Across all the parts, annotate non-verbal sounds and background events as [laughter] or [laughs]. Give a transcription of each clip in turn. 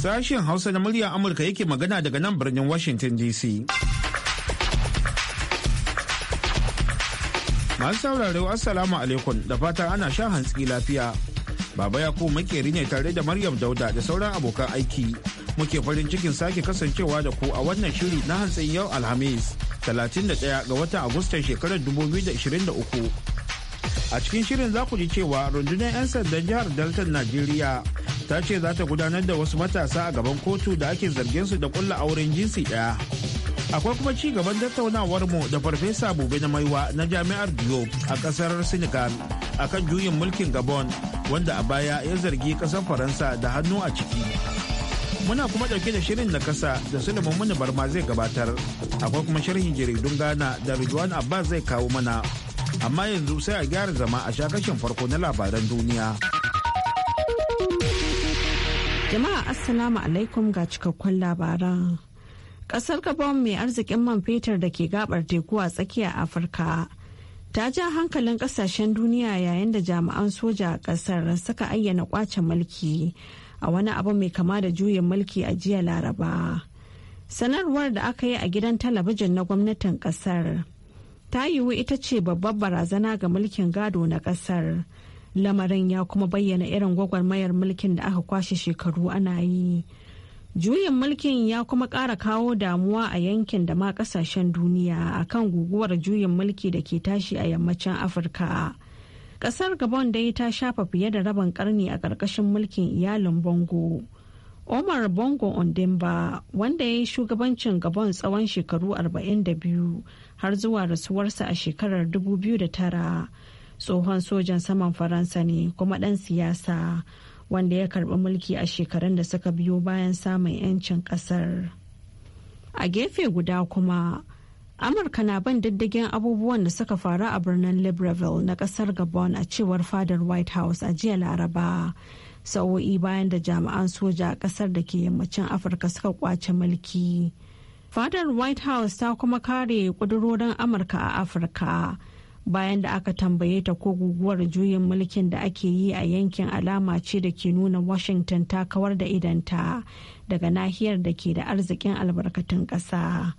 Sashen Hausa na muryar Amurka yake magana daga nan birnin Washington DC. Masu saurare Assalamu alaikum da fata ana sha hantsi lafiya. Baba yakub makeri ne tare da Maryam Dauda da sauran abokan aiki. Muke farin cikin sake kasancewa da ku a wannan shiri na hantsin yau Alhamis 31 ga watan Agustan shekarar 2023. A cikin shirin za ku ji cewa rundunar 'yan sandan jihar Delta Najeriya ta ce za ta gudanar da wasu matasa a gaban kotu da ake zargin su da kulla auren jinsi ɗaya. Akwai kuma ci gaban tattaunawar mu da Farfesa gobe na Maiwa na Jami'ar Diop a kasar Senegal kan juyin mulkin Gabon wanda a baya ya zargi kasar Faransa da hannu a ciki. Muna kuma ɗauke da shirin na kasa da Suleiman Muni Barma zai gabatar. Akwai kuma sharhin jaridun Ghana da Ridwan Abbas zai kawo mana. Amma yanzu sai a gyara zama a shakashin farko na labaran duniya. Jama'a Assalamu alaikum ga cikakkun labaran. Kasar Gabon mai arzikin man fetur da ke gabar teku a tsakiyar Afirka ta ja hankalin kasashen duniya yayin da jami'an soja a kasar suka ayyana kwace mulki a wani abu mai kama da juyin mulki a jiya Laraba. Sanarwar da aka yi a gidan talabijin na gwamnatin kasar ta yiwu ita ce babbar barazana ga mulkin gado na kasar. lamarin ya kuma bayyana irin gwagwarmayar mulkin da aka kwashe shekaru ana yi juyin mulkin ya kuma ƙara kawo damuwa a yankin da ma ƙasashen duniya a kan guguwar juyin mulki da ke tashi a yammacin afirka ƙasar gabon dai ta shafa fiye da rabin ƙarni a ƙarƙashin mulkin iyalin bongo omar bongo ondimba wanda ya yi shugabancin gabon tsawon shekaru 42 har zuwa rasuwarsa a shekarar 2009 tsohon sojan saman faransa ne kuma ɗan siyasa wanda ya karɓi mulki a shekarun da suka biyo bayan samun 'yancin ƙasar a gefe guda kuma amurka na ban diddigin abubuwan da suka faru a birnin libreville na ƙasar gabon a cewar fadar white house a jiya laraba sa'o'i bayan da jami'an soja a ƙasar da ke yammacin afirka suka kwace mulki fadar white house ta kuma kare ƙudurorin amurka a afirka bayan da aka tambaye ta ko guguwar juyin mulkin da ake yi a yankin alama ce da ke nuna washington ta kawar da idanta daga nahiyar da ke da arzikin albarkatun ƙasa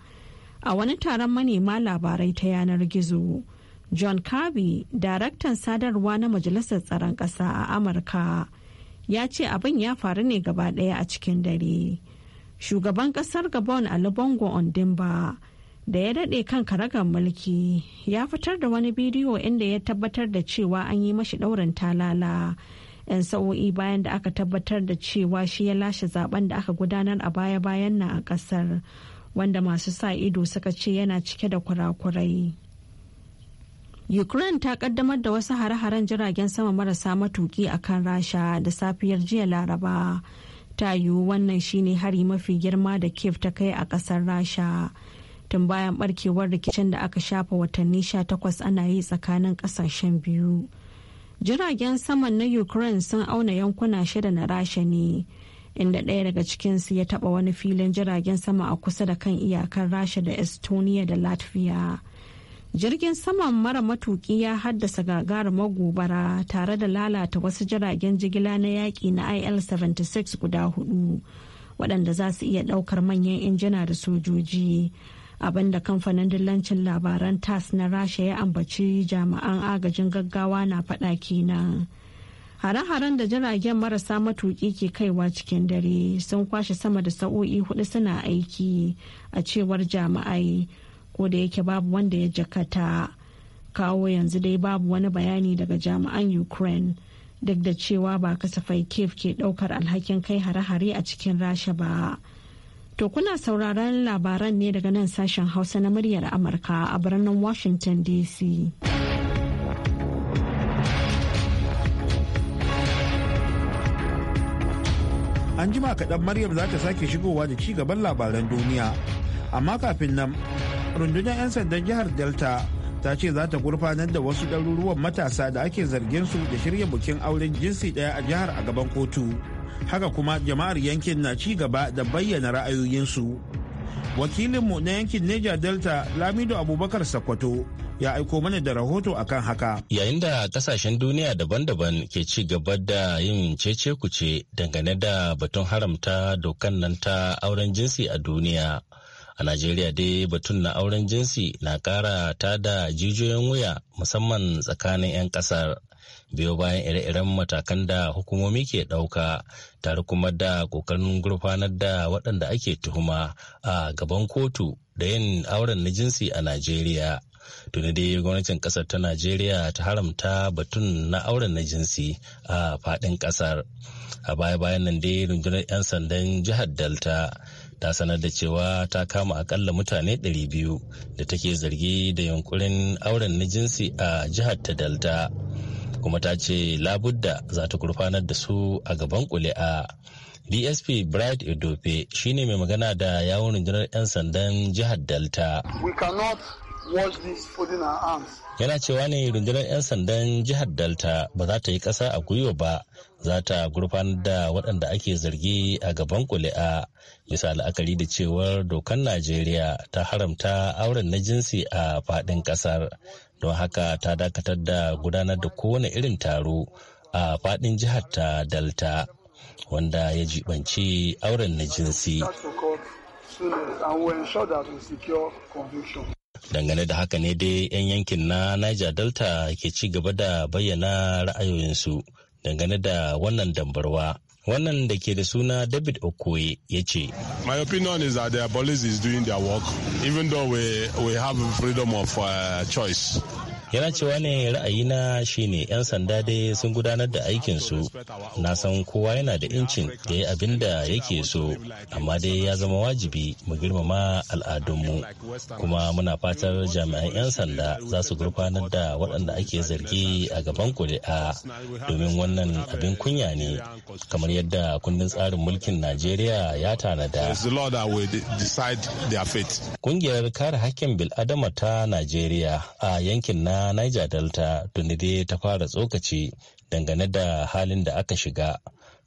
a wani taron manema labarai ta yanar gizo john kirby daraktan sadarwa na majalisar tsaron ƙasa a amurka ya ce abin ya faru ne gaba ɗaya a cikin dare shugaban ƙasar gabon ali bongo ondimba da ya daɗe kan karagar mulki ya fitar da wani bidiyo inda ya tabbatar da cewa an yi mashi ɗaurin talala 'yan sa'o'i bayan da aka tabbatar da cewa shi ya lashe zaben da aka gudanar a baya-bayan nan a ƙasar wanda masu sa ido suka ce yana cike da kurakurai. Ukraine ta kaddamar da wasu hare-haren jiragen sama marasa matuki a kan Rasha da safiyar jiya Laraba. Ta yiwu wannan shine hari mafi girma da Kiev ta kai a ƙasar Rasha tun bayan barkewar rikicin da aka shafa watanni sha takwas ana yi tsakanin kasashen biyu jiragen saman na ukraine sun auna yankuna shida na rasha ne inda ɗaya daga cikinsu ya taɓa wani filin jiragen sama a kusa da kan iyakar rasha da estonia da latvia jirgin saman mara matuki ya haddasa gagarumar magobara tare da lalata wasu jiragen jigila na yaƙi na il-76 guda hudu waɗanda za su iya ɗaukar manyan injina da sojoji da kamfanin dillancin labaran tas na rasha ya ambaci jami'an agajin gaggawa na faɗa kenan hare-haren da jiragen marasa matuki ke kaiwa cikin dare sun kwashe sama da sa'o'i hudu suna aiki a cewar jami'ai ko da yake babu wanda ya jakata kawo yanzu dai babu wani bayani daga jami'an ukraine duk da cewa ba kasafai kiev ke daukar alhakin kai hare-hare a cikin rasha ba To kuna sauraron labaran ne daga nan sashen Hausa na muryar Amurka a birnin Washington DC. An jima kaɗan Maryam za ta sake shigowa da ci gaban labaran duniya. Amma kafin nan, rundunar 'yan sandan jihar Delta ta ce za ta gurfanar da wasu ɗaruruwan matasa da ake zargin su da shirya bukin auren jinsi ɗaya a jihar a gaban kotu. haka kuma jama'ar yankin na ci gaba da bayyana ra'ayoyinsu wakilinmu na yankin Niger Delta Lamido Abubakar Sakwato ya aiko mana da rahoto akan haka. Yayin da kasashen duniya daban-daban ke ci gaba da yin cece kuce dangane da batun haramta dokan nan ta auren jinsi a duniya. A Najeriya dai batun na auren jinsi na kara ta da jijiyoyin wuya musamman tsakanin 'yan kasar. biyo bayan ire-iren matakan da hukumomi ke ɗauka tare kuma da kokarin gurfanar da waɗanda ake tuhuma a gaban kotu da yin auren na jinsi a najeriya tuni dai gwamnatin ƙasar ta najeriya ta haramta batun na auren na jinsi a faɗin ƙasar a baya bayan nan dai rundunar 'yan sandan jihar delta ta sanar da cewa ta kama akalla mutane 200 da take zargi da yunkurin auren na jinsi a jihar ta delta kuma ta ce labudda za ta gurfanar da su a gaban kuli'a dsp bright edofe shine mai magana da yawon rundunar 'yan sandan jihar delta yana cewa ne rundunar 'yan sandan jihar delta ba za ta yi kasa a gwiwa ba za ta gurfanar da waɗanda ake zargi a gaban kuli'a bisa la'akari da cewar dokar najeriya ta haramta auren na jinsi a faɗin ƙasar don haka ta dakatar da gudanar da kowane irin taro a fadin jihar ta delta wanda ya jibanci auren na jinsi dangane da haka ne dai 'yan yankin na niger delta ke ci gaba da bayyana ra'ayoyinsu dangane da wannan dambarwa wannan da ke da suna david okoye ya ce my opinion is that the police is doing their work even though we, we have freedom of uh, choice yana cewa ne ra'ayina shine 'yan sanda dai sun gudanar da aikin su na san kowa yana da incin da ya abin da yake so amma dai ya zama wajibi mu girmama al'adunmu kuma muna fatar jami'an 'yan sanda za su gurfanar da waɗanda ake zargi a gaban kuri'a domin wannan abin kunya ne kamar yadda kundin tsarin mulkin najeriya ya tanada kungiyar kare hakkin bil'adama ta najeriya a yankin na na niger delta tuni dai ta fara tsokaci dangane da halin da aka shiga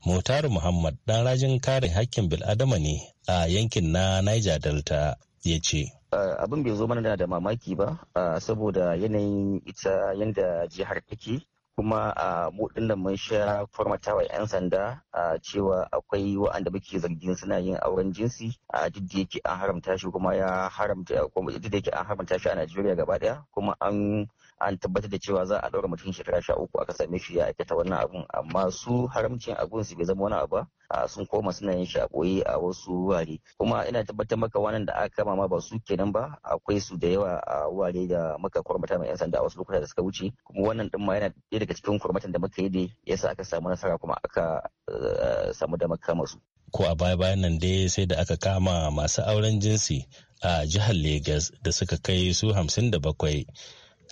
motaru muhammad dan rajin kare hakkin bil'adama ne a yankin na niger delta ya ce abin bai zo mana da mamaki ba saboda yanayin ita yadda jihar take kuma a mudin da mun sha formata 'yan sanda a cewa akwai wa'anda muke zargin suna yin auren jinsi a duk da yake an haramta shi kuma ya haramta duk da yake an haramta shi a Najeriya gaba daya kuma an an tabbatar da cewa za a ɗaura mutum shekara sha uku aka same shi ya aikata wannan abun amma su haramcin abun su bai zama wani abu ba sun koma suna yin shi a ɓoye a wasu wurare kuma ina tabbatar maka wannan da aka kama ma ba su kenan ba akwai su da yawa a wurare da muka kwarmata mai yan sanda a wasu lokuta da suka wuce kuma wannan din ma yana ɗaya daga cikin kurmatan da muka yi da yasa aka samu nasara kuma aka eh, samu damar kama su. Ko a baya bayan nan dai sai da aka kama masu auren jinsi a jihar Legas da suka kai su hamsin da bakwai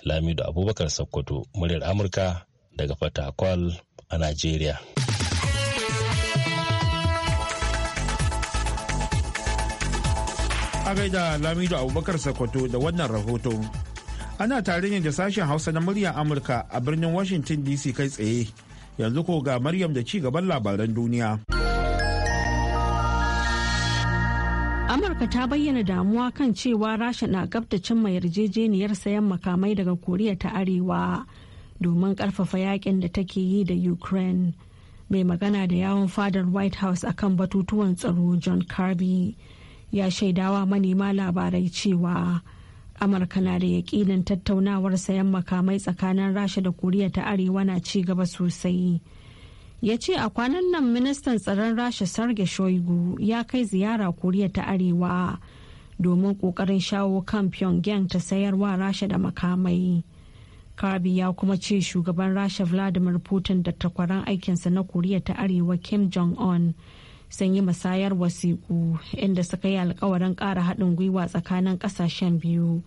Lamido Abubakar Sokoto, muryar Amurka daga Fatakwal a Najeriya. A gaida Lamido Abubakar Sokoto da wannan rahoto. Ana tare ne da sashen Hausa na muryar Amurka a birnin Washington DC kai tsaye. Yanzu ko ga Maryam da ci gaban labaran duniya. amurka ta bayyana damuwa kan cewa rasha na gab cin mai yarjejeniyar sayan makamai daga koriya ta arewa domin karfafa yakin da take yi da ukraine mai magana da yawon fadar white house akan batutuwan tsaro john kirby ya shaidawa manema labarai cewa amurka na da yakinin tattaunawar sayan makamai tsakanin rasha da koriya ta arewa na ci gaba sosai ya ce a kwanan nan ministan tsaron rasha sarge shoigu ya kai ziyara koriya ta arewa domin kokarin shawo kan pyongyang ta sayarwa rasha da makamai kabi ya kuma ce shugaban rasha vladimir putin da takwaran aikinsa na koriya ta arewa kim jong-un sun yi masayar wasiku inda suka yi alkawarin kara haɗin gwiwa tsakanin ƙasashen biyu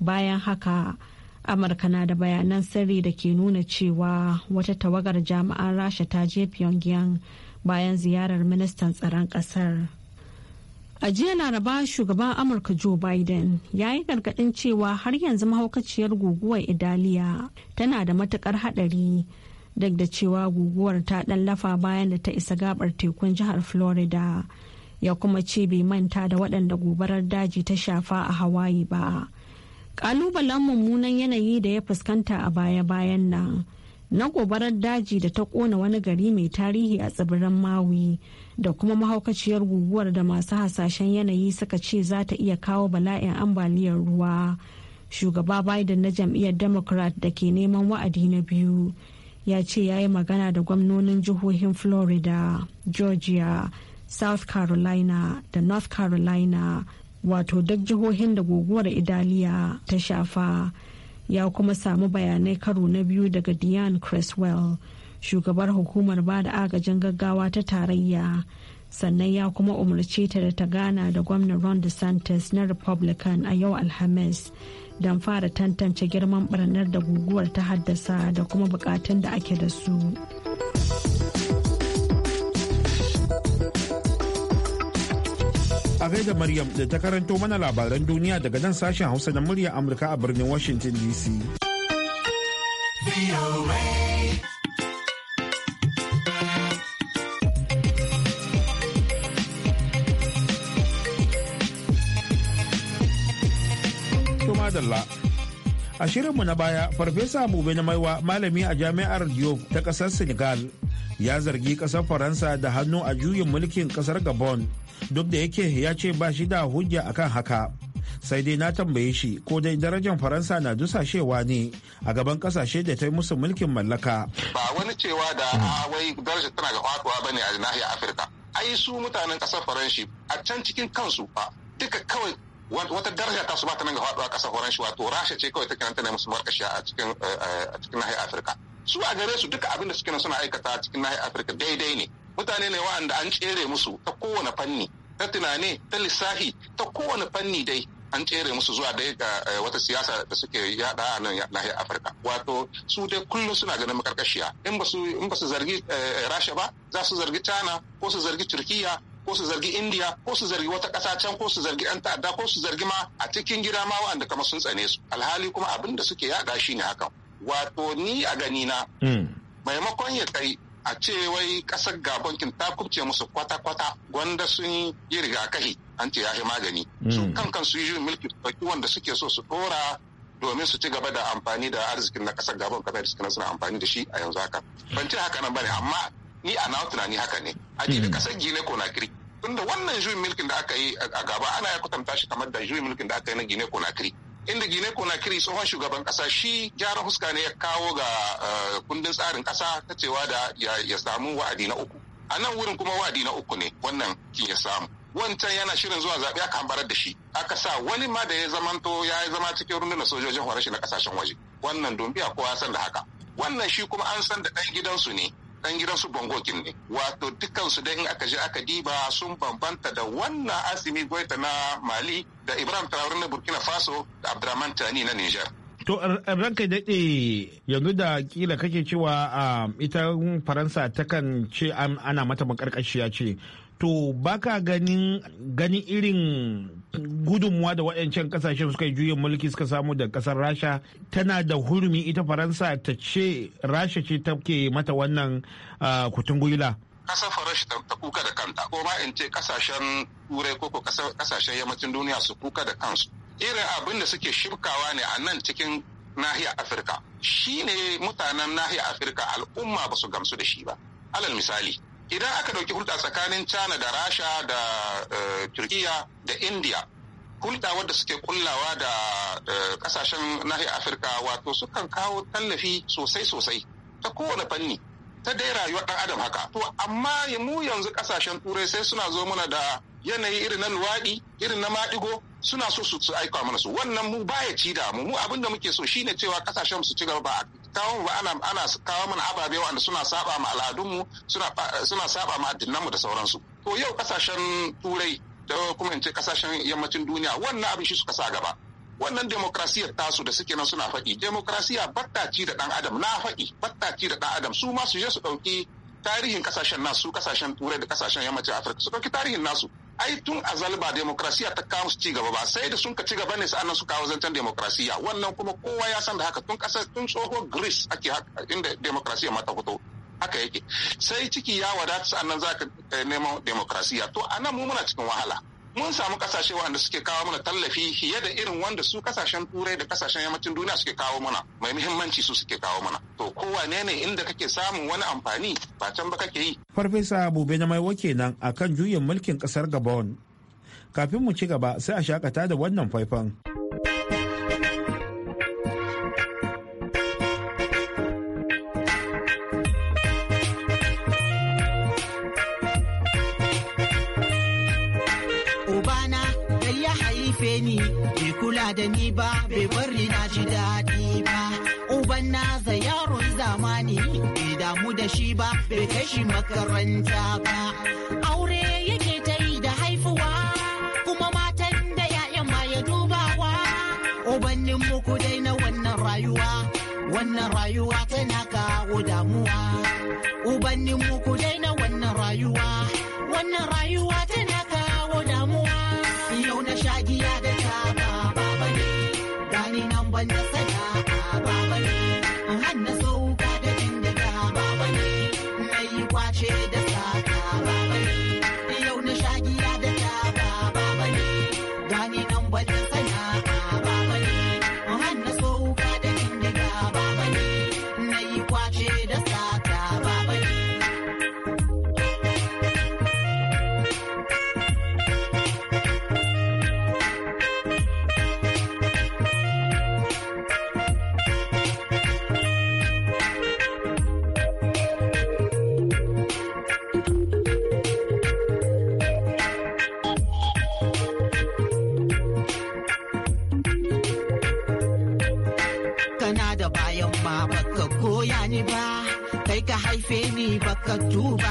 bayan haka amurka na da bayanan sirri da ke nuna cewa wata tawagar jami'an rasha ta je pyongyang bayan ziyarar ministan tsaron kasar a jiya laraba shugaban amurka joe biden ya yi gargadin cewa har yanzu mahaukaciyar guguwar idaliya tana da matukar hadari duk da cewa guguwar ta dan lafa bayan da ta isa gabar tekun jihar florida ya kuma ce bai manta da waɗanda gobarar daji ta shafa a hawaii ba kalubalen mummunan yanayi da ya fuskanta a baya-bayan nan na gobarar daji da ta kona wani gari mai tarihi a tsibirin mawi da kuma mahaukaciyar guguwar da masu hasashen yanayi suka ce za ta iya kawo bala'in ambaliyar ruwa shugaba biden na jam'iyyar democrat da ke neman wa'adi na biyu ya ce ya yi magana da gwamnonin jihohin florida georgia south carolina da north carolina wato duk jihohin da guguwar idaliya ta shafa ya kuma samu bayanai karo na biyu daga diane creswell shugabar hukumar ba da agajin gaggawa ta tarayya sannan ya kuma umarce ta da ta gana da gwamnan ron desantis na republican a yau alhamis don fara tantance girman barnar da guguwar ta haddasa da kuma bukatun da ake da su. da Maryam da ta karanto mana labaran duniya daga nan sashen Hausa na murya Amurka a birnin Washington DC. A shirinmu na baya, Farfesa Abube na Maiwa, malami a jami'ar Diop ta ƙasar Senegal, ya zargi ƙasar Faransa da hannu a juyin mulkin ƙasar Gabon duk da yake ya ce ba shi da hujja akan haka sai dai na tambaye shi ko dai darajar faransa na dusashewa ne a gaban kasashe da ta yi musu mulkin mallaka ba wani cewa da ah, wai darajar tana ga ba ne a nahiyar afirka ai su mutanen kasar faranshi a can cikin kansu ba duka kawai wata daraja ta su ba ta nan ga faduwa kasar faranshi wato rasha ce kawai ta kiranta ne musu markashi eh, eh, a cikin nahiyar afirka su a gare su duka abin da suke nan suna aikata a cikin nahiyar afirka daidai ne mutane ne wa'anda an tsere musu ta kowane fanni ta tunani, ta lissafi ta kowane fanni dai an tsere musu zuwa dai ga eh, wata siyasa da suke yada a nan nahiyar afirka wato su dai kullum suna ganin makarkashiya in ba su in ba su zargi eh, rasha ba za su zargi china ko su zargi turkiya ko su zargi indiya ko su zargi wata ƙasa can ko su zargi yan ta'adda ko su zargi ma a cikin gida ma wa'anda kama sun tsane su alhali kuma abin da suke yada shi ne hakan wato ni a ganina hmm. maimakon ya kai a ce wai kasar gabon ta kubce musu kwata-kwata gwanda sun yi rigakahi an ce ya yi magani su kankan mm. su yi mulki baki wanda suke so su dora domin su ci gaba da amfani da arzikin na kasar gabon kamar da suke suna amfani da shi a yanzu haka ban ce haka nan bane amma ni a na tunani haka ne aji da kasar mm. gine Kiri. tunda wannan juyin mulkin da aka yi a gaba ana ya kwatanta shi kamar da juyin mulkin da aka yi na gine Kiri. inda gine kiri tsohon shugaban kasa shi gyara huska ne ya kawo ga eh, kundin tsarin kasa ta cewa da ya samu wa'adi na uku a nan wurin kuma wa'adi na uku ne wannan kin ya samu wancan yana shirin zuwa zaɓe aka hambarar da shi aka sa wani ma da ya zamanto ya zama cikin rundunar sojojin horashi na kasashen waje wannan don biya kowa san da haka wannan shi kuma an san da ɗan gidansu ne dan gidan su bangokin ne wato dukkan su dai in aka je aka diba sun bambanta da wannan asimi goita na mali da ibrahim traore na burkina faso da abdurrahman tani na niger To ranka daɗe yanzu da kila kake cewa ah, ita Faransa takan ce ana mata makarkashiya ce to baka ganin ganin irin gudunmuwa da waɗancan kasashen suka juyin mulki suka samu da kasar rasha tana da hurumi ita faransa ta ce rasha ce ta ke mata wannan kutun gwila kasar faransa ta kuka da kanta ko ma in ce kasashen turai ko kasashen yammacin duniya su kuka da kansu irin abin da suke shirkawa ne a nan cikin nahiyar afirka shine mutanen nahiyar afirka al'umma ba su gamsu da shi ba alal misali idan aka ɗauki hulɗa tsakanin china da rasha da eh, turkiya da india hulɗa wadda suke kullawa da eh, ƙasashen nahiyar afirka wato sukan kawo tallafi sosai sosai ta kowane fanni ta dai rayuwar ɗan adam haka to amma mu yanzu ƙasashen turai sai suna zo mana da yanayi irin na luwaɗi irin na maɗigo suna so su aika mana su wannan mu baya ci da mu mu abin da muke so shine cewa ƙasashen su ci gaba ba a kawo ba ana ana kawo mana ababe wanda suna saba ma al'adunmu suna suna saba ma addinanmu da sauransu to yau kasashen turai da kuma in ce kasashen yammacin duniya wannan abin shi suka sa gaba wannan demokrasiyar tasu da suke nan suna faɗi demokrasiya battaci da ɗan adam na faɗi battaci da ɗan adam su ma su je su ɗauki tarihin kasashen nasu kasashen turai da kasashen yammacin afirka su ɗauki tarihin nasu ai tun azal ba demokrasiya ta kawo su cigaba ba sai da sun ka cigaba ne sa'annan su kawo zancen demokrasiya wannan kuma kowa ya san da haka tun kasar tun tsohon greece ake haka inda demokrasiya mata fito haka yake sai ciki ya wadata sa'annan za ka eh, neman demokrasiya to anan mu muna cikin wahala mun samu kasashe wanda suke kawo mana tallafi fiye da irin wanda su kasashen turai da kasashen yammacin duniya suke kawo mana mai muhimmanci su suke kawo mana to kowa ne inda kake samun wani amfani ba can ba kake yi farfesa bube na maiwa kenan akan juyin mulkin kasar gabon kafin mu ci gaba sai a shakata da wannan faifan. zamani bai damu da shi ba bai kai shi makaranta ba aure yake ta yi da haifuwa kuma matan da ya'yan ma ya dubawa ubannin muku dai na wannan rayuwa wannan rayuwa tana kawo damuwa ubannin muku dai na wannan rayuwa wannan rayuwa tana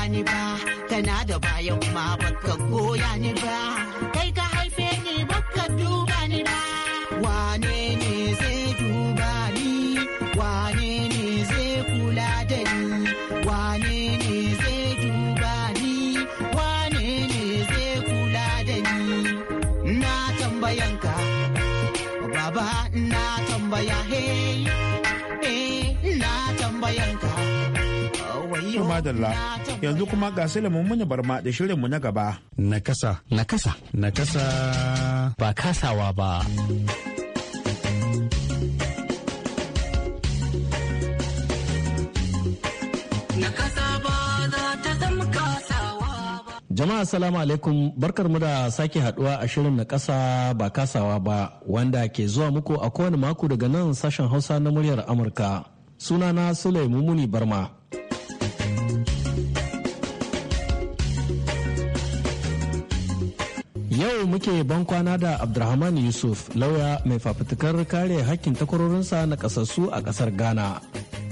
ni ba kana da bayan ma ka goya ni ba kai ka dalla yanzu kuma ga silimin bar barma da shirin mu na gaba. Nakasa. Nakasa. Nakasa. Ba kasawa ba. Jama'a salamu alaikum barkar mu da sake haduwa a shirin na kasa ba kasawa ba wanda ke zuwa muku a kowane mako daga nan sashen hausa na muryar Amurka. Sunana Sulaimu Muni Barma. Yau muke bankwana da Abdulrahman Yusuf, lauya mai fafutukar kare hakkin takwarorinsa na kasassu a kasar Ghana.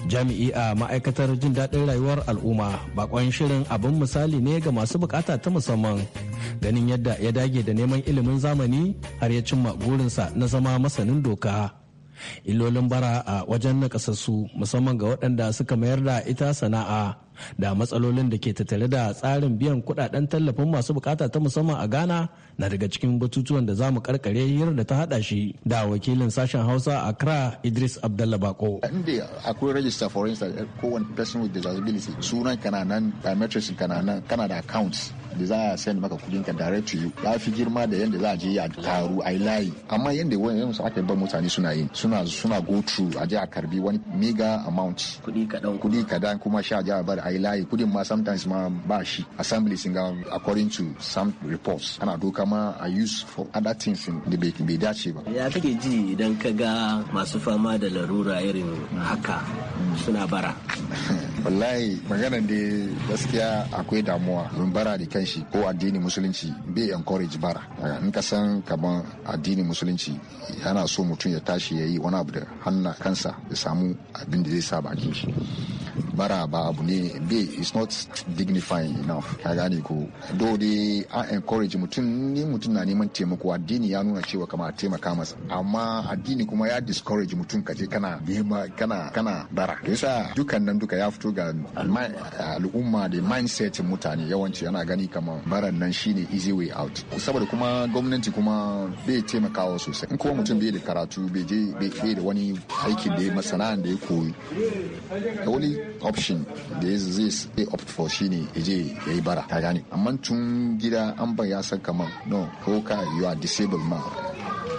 Jami'i a ma'aikatar jin daɗin rayuwar al'umma bakon shirin abin misali ne ga masu bukata ta musamman. Ganin yadda ya dage da neman ilimin zamani har ya cimma burinsa na zama masanin doka. Illolin bara a wajen naƙasassu musamman ga waɗanda suka mayar da ita sana'a. da matsalolin da ke tattare da tsarin biyan kudaden tallafin masu bukata ta musamman a ghana na daga cikin batutuwan da za mu karkare hirar da ta hada shi da wakilin sashen hausa a kra idris abdallah bako inda akwai rajista for instance eh, kowane person with disability sunan kana nan biometrics kana nan kana da accounts da za a send maka kudin ka direct to you ya fi girma da yadda za a je a taru a layi amma yadda wani su ake ban mutane suna yi suna suna go through a je a karbi wani mega amount kudi kadan kudi kadan kuma sha a je a ayi layi kudin ma sometimes ma ba shi assembly sun ga according to some reports ana doka ma a use for other things in. da bai dace ba ya kake ji idan ka ga masu fama da larura irin haka suna bara [laughs] wallahi magana da gaskiya akwai damuwa don bara da kanshi ko addini musulunci bai encourage bara in ka san kaman addini musulunci yana so mutum ya tashi ya yi wani abu da hannu kansa ya samu abin da zai sa bakin shi bara ba abu ne it's is not dignifying enough ka gane ko do dai an encourage mutum ni mutum na neman taimako addini ya nuna cewa kama a taimaka masa amma addini kuma ya discourage mutum kaje kana nema kana kana bara yasa dukan nan duka ya fito ga al'umma da mindset mutane yawanci ana gani kamar baran nan shine easy way out saboda kuma gwamnati kuma bai taimakawa sosai in kuma mutum bai da karatu bai je bai da wani aikin da ya masana da ya koyi option da zai opt for shi ne ya je ya yi bara ta gane amma tun gida an ba ya san kaman no ko ka you are disabled ma.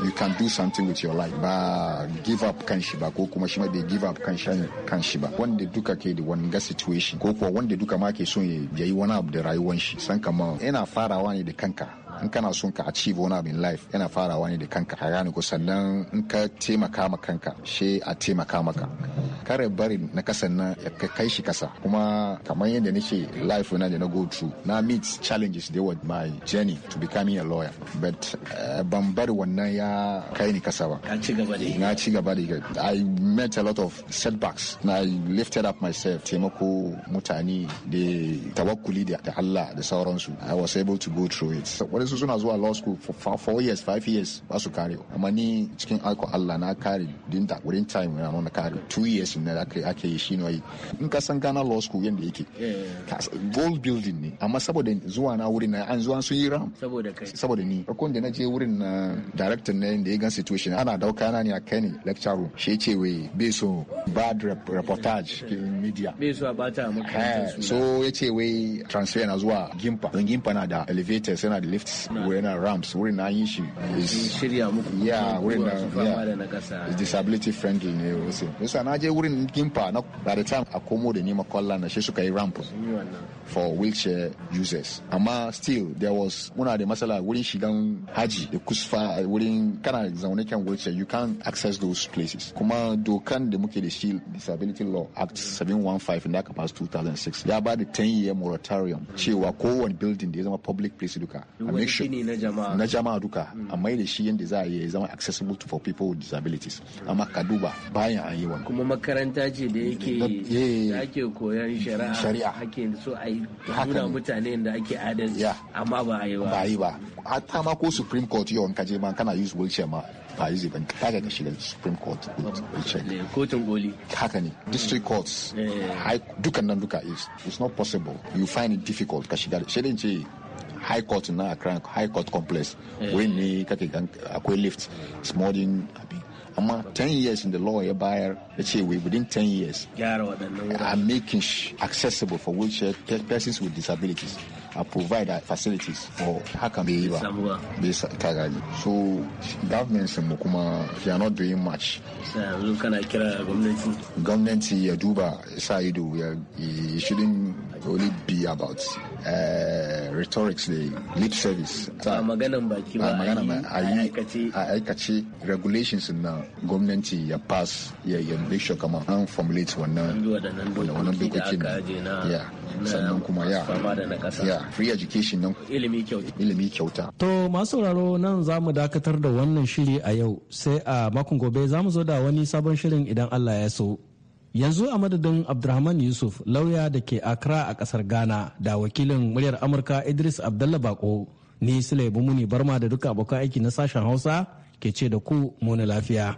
you can do something with your life ba give up kan shi ba ko kuma shi ma bai give up kan shi kan shi ba wanda duka ke da wanga situation ko kuwa wanda duka ma ke so ya yi wani abu da rayuwar shi san kaman yana farawa ne da kanka in kana son ka achieve wani abin life yana farawa ne da kanka ka gane ko sannan in ka taimaka ma kanka she a taimaka maka kare barin na kasan nan ka kai shi kasa kuma kamar yadda nake life na da na go through na meet challenges da yawa my journey to becoming a lawyer but eh, ban bari wannan ya kai ni kasa ba ka ci gaba da na ci gaba da i met a lot of setbacks na i lifted up myself taimako mutane da tawakkuli da Allah da sauransu i was able to go through it so, what is wasu suna zuwa law school for four years five years ba su kare amma ni cikin aiko Allah na kare din da wurin time na na kare two years ne da ake yi shi noyi in ka san Ghana law school yanda yake gold building ne amma saboda zuwa na wurin na an zuwa sun yi ram saboda kai saboda ni farkon da na je wurin na director ne da ya gan situation ana dauka na ne a kai ne lecture room shi ce wai bai so bad reportage media bai so a bata maka so ya ce wai transfer na zuwa gimpa don gimpa na da elevators yana da lift rams wurin na rams wurin na yin shi shirya muku disability friendly ne wasu yasa na je wurin gimpa na by the time a komo da nema kwallon na shi suka yi ramp for wheelchair users amma still there was muna da matsala wurin shigan haji da kusfa wurin kana zaune kan wheelchair you can't access those places kuma dokan da muke da shi disability law act 715 da aka pass 2006 ya ba da 10 year moratorium cewa kowane building da ya zama public place duka a make na jama'a duka a mai da shi yadda za a yi zama accessible to for people with disabilities amma ka duba bayan an yi wani kuma makaranta ce da yake da eh, ake koyan shari'a shari'a ake so a yi nuna mutane da ake adalci amma ba a yi ba ba yi ba hatta ma ko supreme court yau in ka je ma kana use wheelchair ma ba yi ban kaga shi shiga supreme court wheelchair eh, kotun koli haka ne district courts eh. dukan nan duka is it's not possible you find it difficult ka shiga shirin ce high court na accra high court complex wai ne kake kan akwai lift smallin abin amma 10 years in the law ya bayar ya ce we within 10 years uh, are making accessible for wheelchair persons with disabilities and uh, provide that uh, facilities for haka bai yi ba bai kagani so governments mu kuma they are not doing much yanzu kana kira gwamnati gwamnati ya duba sa ido ya shouldn't only be about uh, eh, rhetorics the lip service ba maganan baki ba a aikace regulations na gwamnati ya pass ya ya make sure kama an formulate wannan wannan na ya sannan kuma ya ya free education nan ilimi kyauta to masu sauraro nan za mu dakatar da wannan shiri a yau sai a makon gobe za mu zo da wani sabon shirin idan Allah ya so yanzu a madadin abdulrahman yusuf lauya da ke accra a kasar ghana da wakilin muryar amurka idris abdullah bako ni sule muni barma da duka abokan aiki na sashen hausa ke ce da ku muna lafiya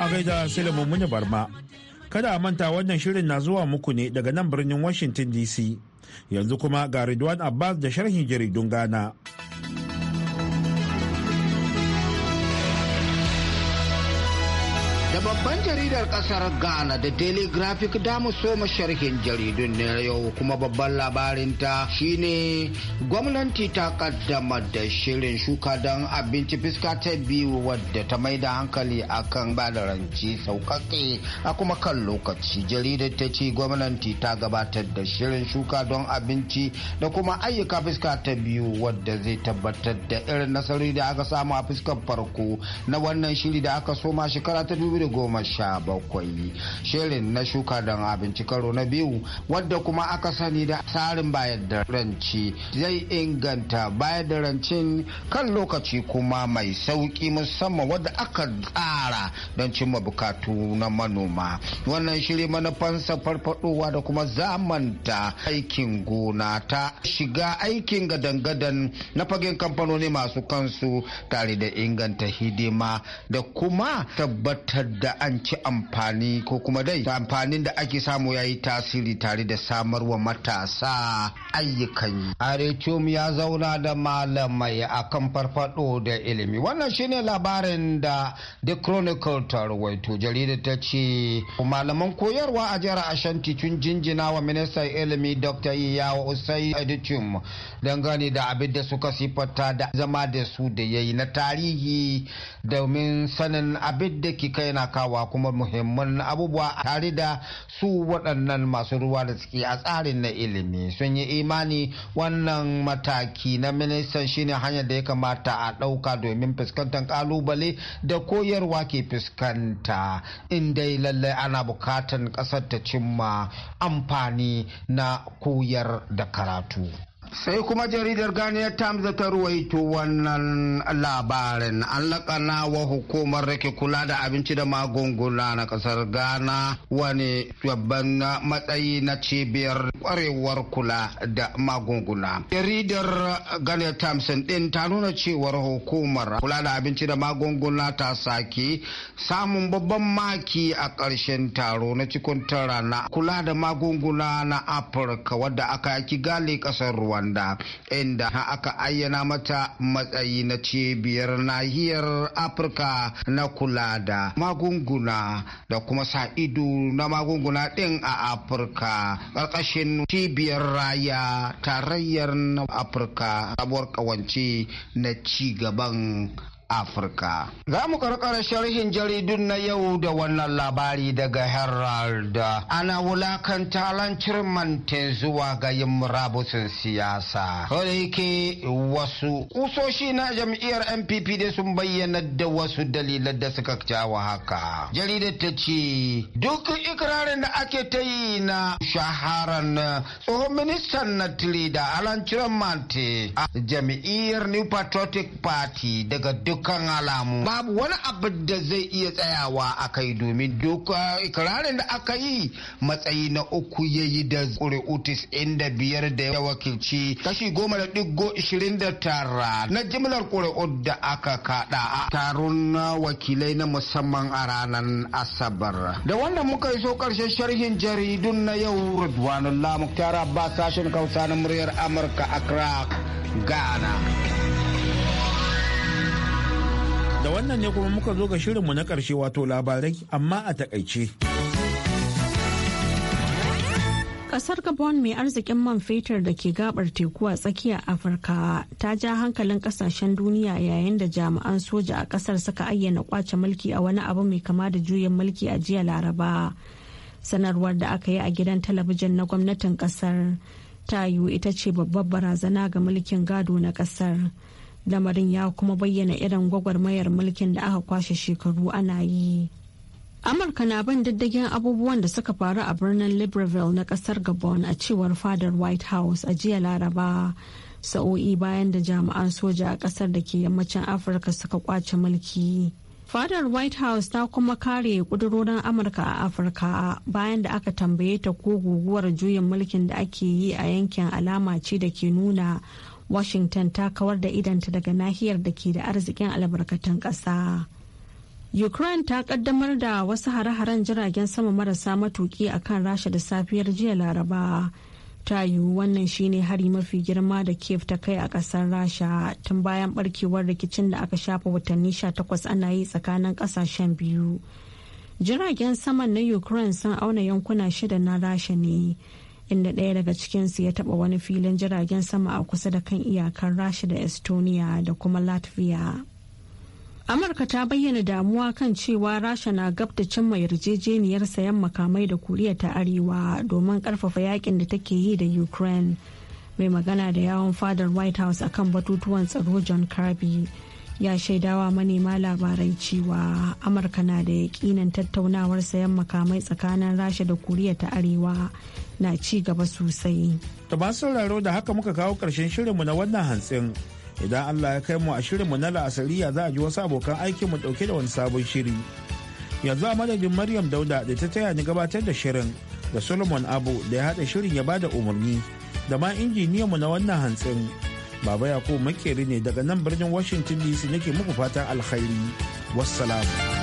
a gaida sule muni barma kada a manta wannan shirin na zuwa muku ne daga nan birnin washington dc yanzu kuma ga ridwan abbas da sharhin jaridun ghana Da babban jaridar kasar Ghana da Daily Graphic damu soma sharhin jaridun na yau kuma babban labarinta shine gwamnati ta kaddama da shirin shuka don abinci fiska ta biyu wadda ta mai da hankali akan kan ranci sauƙaƙe a kuma kan lokaci. Jaridar ta ce gwamnati ta gabatar da shirin shuka don abinci da kuma ayyuka fiska ta biyu wadda zai tabbatar da irin nasarori da aka samu a fuskar farko na wannan shiri da aka soma shekara ta dubu da goma sha bakwai shirin na shuka don abinci karo na biyu wadda kuma aka sani da tsarin bayar da ranci zai inganta bayar da rancin kan lokaci kuma mai sauki musamman wadda aka tsara don cimma bukatu na manoma wannan shiri manufansa farfadowa da kuma zamanta aikin gona ta shiga aikin gadan-gadan na fagen kamfanoni masu kansu tare da inganta hidima da kuma tabbatar Da an ci amfani ko kuma dai amfanin da ake samu ya yi tasiri tare da samar wa matasa ayyukan yi. ya zauna da malamai akan farfado da ilimi. Wannan shine labarin da The Chronicle ta rawaito jarida ta ce malaman koyarwa a jihar Ashanti tun jinjina wa ministan ilimi Dr. Iyawa Usai Edichum dangane da abin da suka sifata da zama da su da yayi na tarihi domin sanin abin da ke kai taimakawa kuma muhimman abubuwa tare da su waɗannan masu ruwa da suke a tsarin na ilimi sun yi imani wannan mataki na ministan shine hanyar da ya kamata a ɗauka domin fuskantar ƙalubale da koyarwa ke fuskanta inda lallai ana buƙatar ƙasar ta cimma amfani na koyar da karatu. sai kuma jaridar ganiyar times da ta ruwaito wannan labarin an lakana wa hukumar rake kula da abinci da magunguna na kasar ghana wani babban matsayi na cibiyar kwarewar kula da magunguna jaridar ganiyar times din ta nuna cewar hukumar kula da abinci da magunguna ta sake samun babban maki a ƙarshen taro na cikin tara na kula da magunguna na afirka wadda aka yaki gali ƙasar ruwa wanda inda aka ayyana mata matsayi na cibiyar nahiyar afirka na kula da magunguna da kuma sa ido na magunguna din a afirka ƙarƙashin cibiyar raya tarayyar afirka sabuwar ƙawance na cigaban. Afirka. Za mu karkara sharhin jaridun na yau da wannan labari daga Herald ana wulakanta lancin mante zuwa ga yin murabusin siyasa. Kada yake wasu kusoshi na jam'iyyar NPP da sun bayyana da wasu dalilan da suka jawa haka. Jaridar ta ce duk ikirarin da ake ta yi na shaharan tsohon ministan na da Alan Chiromante a jam'iyyar New Patriotic Party daga duk dukkan alamu babu wani abu da zai iya tsayawa a kai domin duka ah, ikirarin da aka yi matsayi na uku ya yi da ƙuri'u tis'in da biyar da ya wakilci kashi goma da ɗigo ishirin da tara na jimlar ƙuri'u da aka kaɗa a taron na wakilai na musamman a ranar asabar da wanda muka yi so ƙarshen sharhin jaridun na yau Ridwanullah Muktar Abbas sashen kausa na muryar Amurka Accra Ghana. da wannan ne kuma muka zo ga shirinmu na ƙarshe wato labarai amma a takaice. Ƙasar Gabon mai arzikin man fetur da ke gabar teku a tsakiya Afirka ta ja hankalin kasashen duniya yayin da jami'an soja a ƙasar suka ayyana kwace mulki a wani abu mai kama da juyin mulki a jiya Laraba. Sanarwar da aka yi a gidan talabijin na gwamnatin ƙasar ta yiwu ita ce babbar barazana ga mulkin gado na ƙasar. lamarin ya kuma bayyana irin gwagwarmayar mulkin da aka kwashe shekaru ana yi amurka na bin diddigin abubuwan da suka faru a birnin libreville na kasar gabon a cewar fadar white house a jiya laraba sa'o'i bayan da jami'an soja a kasar da ke yammacin afirka suka kwace mulki fadar white house ta kuma kare kudurorin amurka a afirka bayan da aka tambaye ta ko guguwar juyin mulkin da ake yi a yankin alama ce da ke nuna washington ta kawar da idanta daga nahiyar da ke da arzikin albarkatun ƙasa ukraine ta kaddamar da wasu hare-haren jiragen sama marasa matuki a kan rasha da safiyar jiya laraba ta yiwu wannan shine hari mafi girma da kiev ta kai a ƙasar rasha tun bayan barkewar rikicin da aka shafa watanni 18 ana yi tsakanin ƙasashen biyu jiragen saman na ukraine sun auna yankuna shida na rasha ne inda ɗaya daga cikinsu ya taɓa wani filin jiragen sama a kusa da kan iyakar rasha da estonia da kuma latvia amurka ta bayyana damuwa kan cewa rasha na gab da cimma yarjejeniyar sayan makamai da koriya ta arewa domin karfafa yakin da take yi da ukraine mai magana da yawon fadar white house akan batutuwan tsaro john kirby ya shaidawa manema labarai cewa amurka na da yakinan tattaunawar sayan makamai tsakanin rasha da koriya ta arewa na ci gaba sosai da masu sauraro da haka muka kawo karshen shirinmu na wannan hantsin idan allah ya kai mu a shirinmu na la'asariya za a ji wasu abokan aikin mu dauke da wani sabon shiri yanzu a madadin maryam dauda da ta taya ni gabatar da shirin da solomon abu da ya haɗa shirin ya bada umarni da ma injiniyanmu na wannan hantsin Baba Yakubu makeri ne daga nan birnin Washington DC nake muku fatan alkhairi. Wassalamu.